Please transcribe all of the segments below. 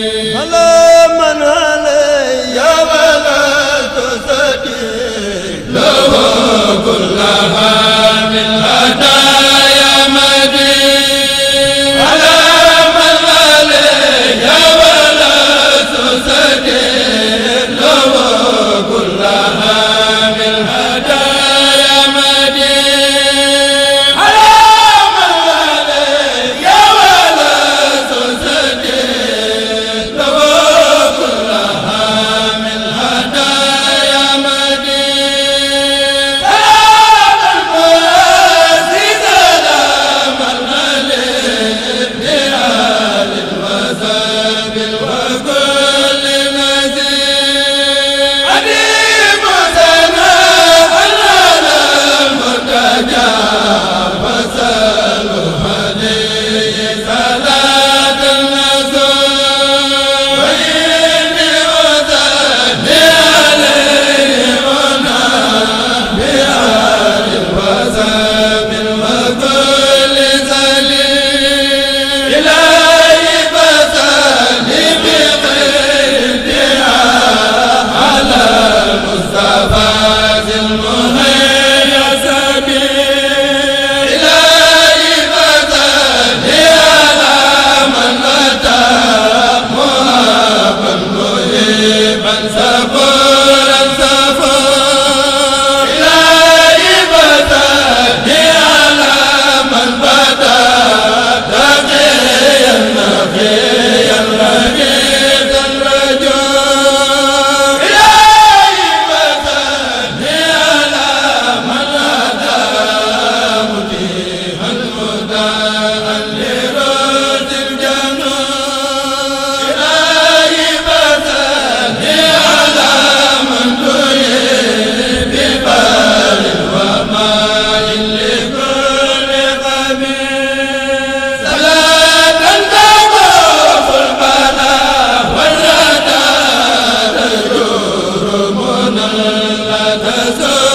Hello la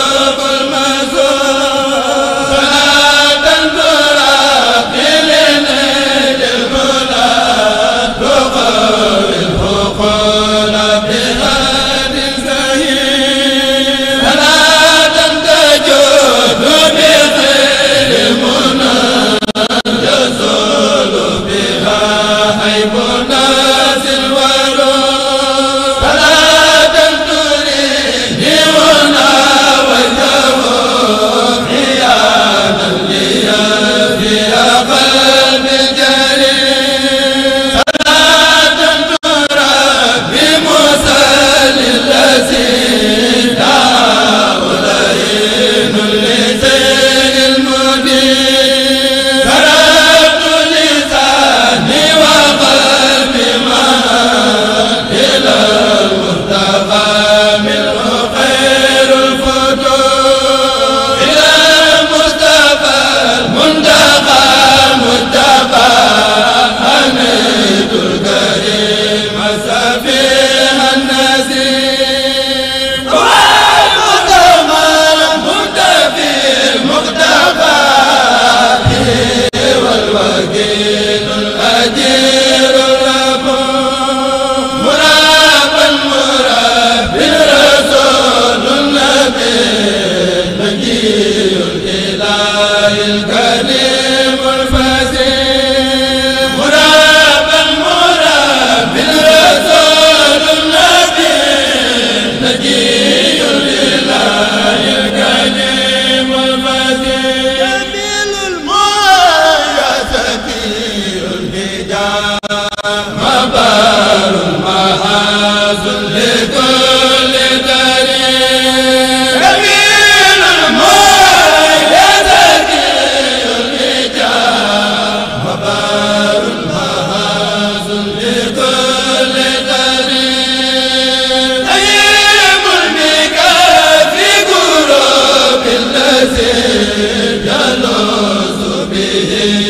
الكريم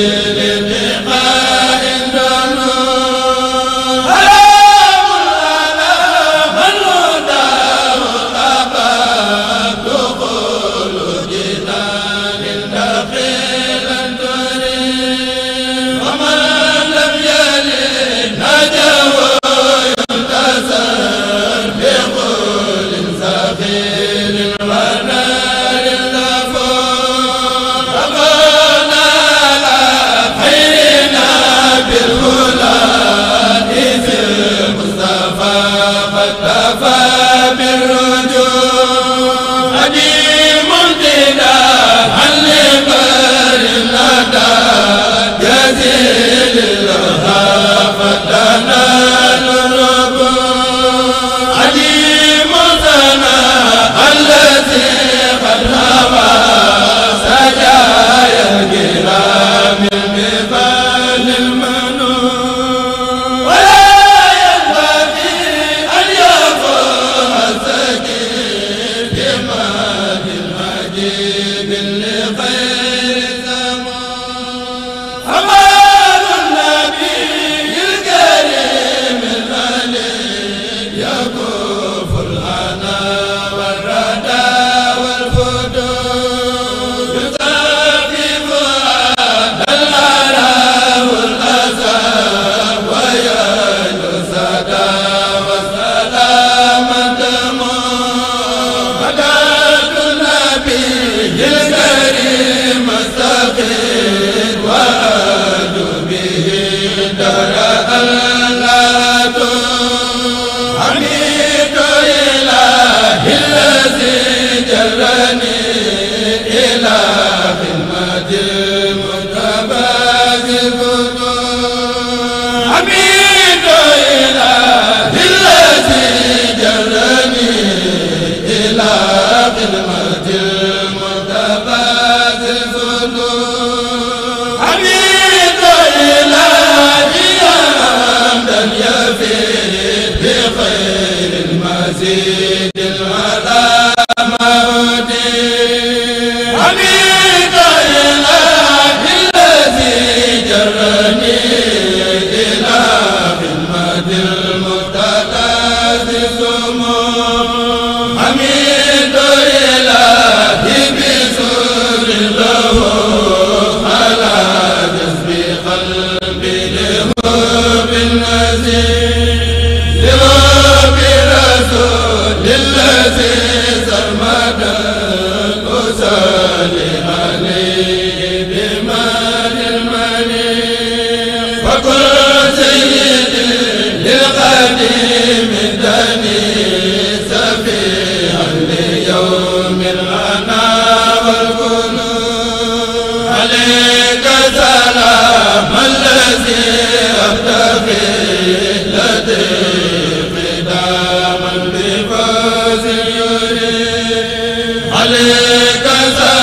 yaa moo عليك